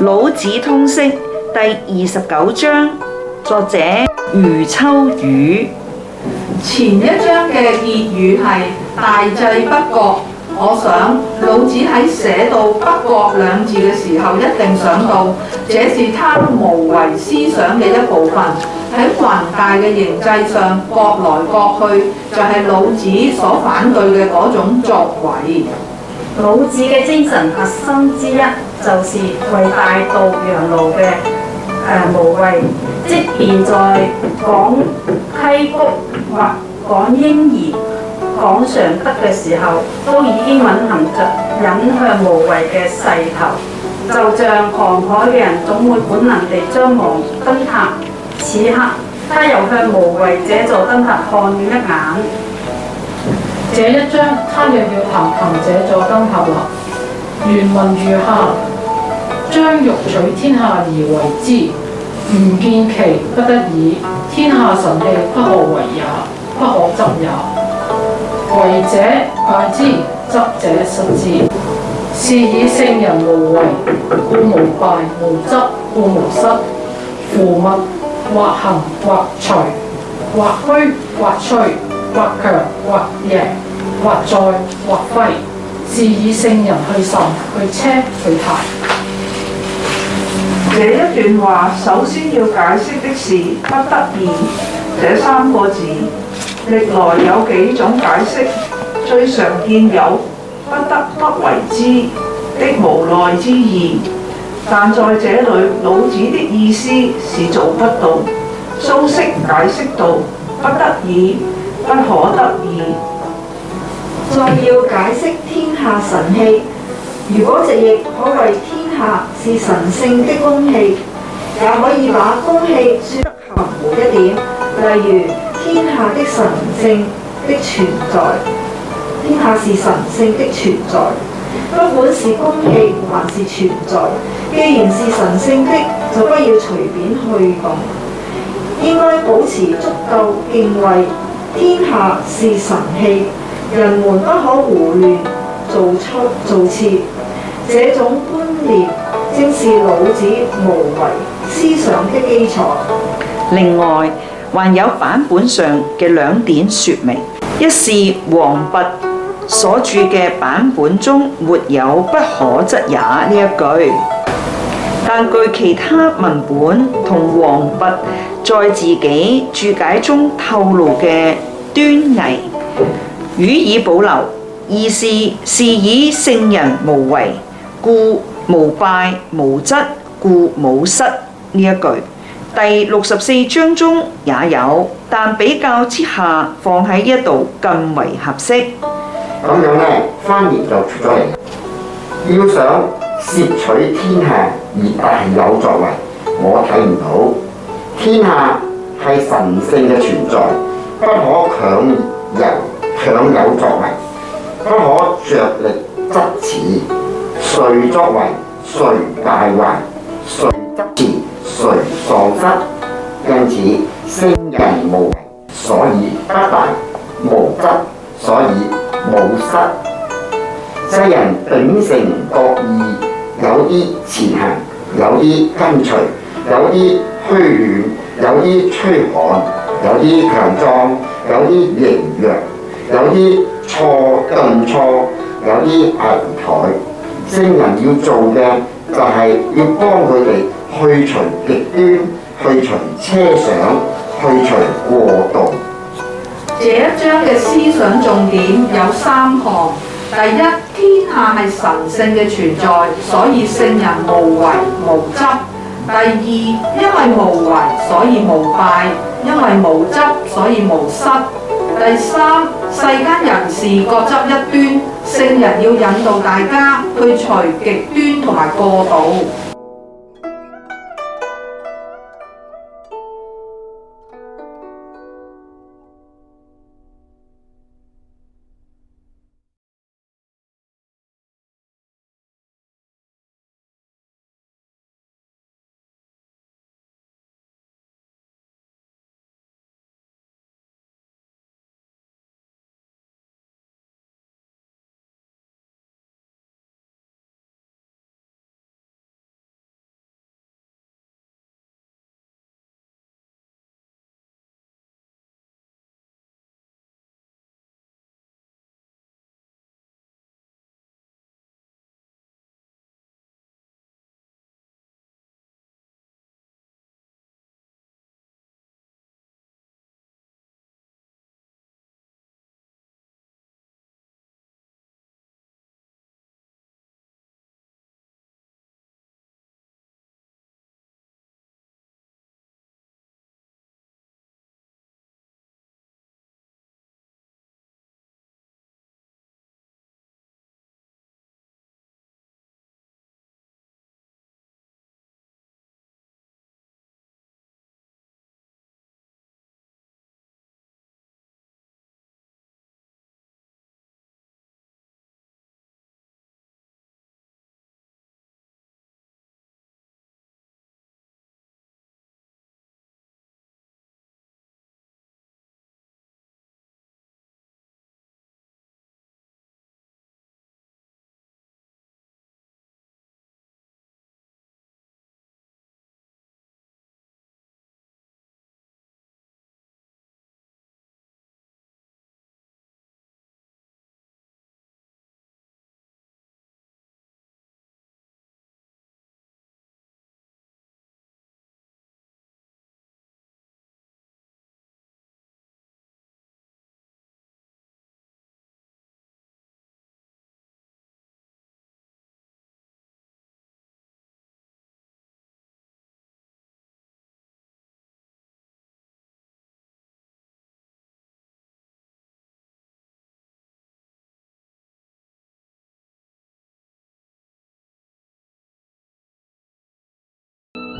老子通識第二十九章，作者余秋雨。前一章嘅結語係大制不割，我想老子喺寫到不割兩字嘅時候，一定想到這是他無為思想嘅一部分。喺宏大嘅形制上割來割去，就係老子所反對嘅嗰種作為。老子嘅精神核心之一，就是為大道讓路嘅誒無為。即便在講溪谷或講嬰兒講常德嘅時候，都已經蘊含着引向無為嘅勢頭。就像航海嘅人總會本能地張望燈塔，此刻他又向無為這座燈塔看了一眼。這一章，他又要談行者坐燈塔了。原文如下：將欲取天下而為之，吾見其不得已。天下神器，不可為也，不可執也。為者敗之，執者失之。是以聖人無為，故無敗；無執，故無失。夫物或行或隨，或虛或吹。或或強或弱，或載、或隳，是以聖人去甚、去奢、去泰。這一段話首先要解釋的是“不得已”這三個字，歷來有幾種解釋，最常見有“不得不為之”的無奈之意，但在這裏老子的意思是做不到。蘇軾解釋道“不得已”。不可得已。再要解釋天下神器，如果直譯可謂，天下是神聖的公器，也可以把公器說得含糊一點，例如天下的神聖的存在，天下是神聖的存在。不管是公器還是存在，既然是神聖的，就不要隨便去動，應該保持足夠敬畏。天下是神器，人們不可胡亂做出造次。這種觀念正是老子無為思想的基礎。另外，還有版本上嘅兩點說明：一是王弼所注嘅版本中沒有“不可執也”呢一句，但據其他文本同王弼。在自己註解中透露嘅端倪予以保留，意思是，是以聖人無為，故無敗，無執，故無失呢一句。第六十四章中也有，但比較之下放喺一度更為合適。咁樣咧，翻譯就出咗嚟。要想攝取天下而大有作為，我睇唔到。天下係神聖嘅存在，不可強人強有作為，不可着力執持。誰作為，誰敗壞；誰執持，誰喪失。因此，聖人無為，所以不敗，無執，所以冇失。世人秉承各異，有啲前行，有啲跟隨，有啲，虛軟有啲吹寒，有啲強壯，有啲羸弱，有啲錯頓錯，有啲危殆。聖人要做嘅就係要幫佢哋去除極端，去除奢想，去除過度。這一章嘅思想重點有三項：第一，天下係神聖嘅存在，所以聖人無為無執。第二，因為無為，所以無敗；因為無執，所以無失。第三，世間人士各執一端，聖人要引導大家去除極端同埋過度。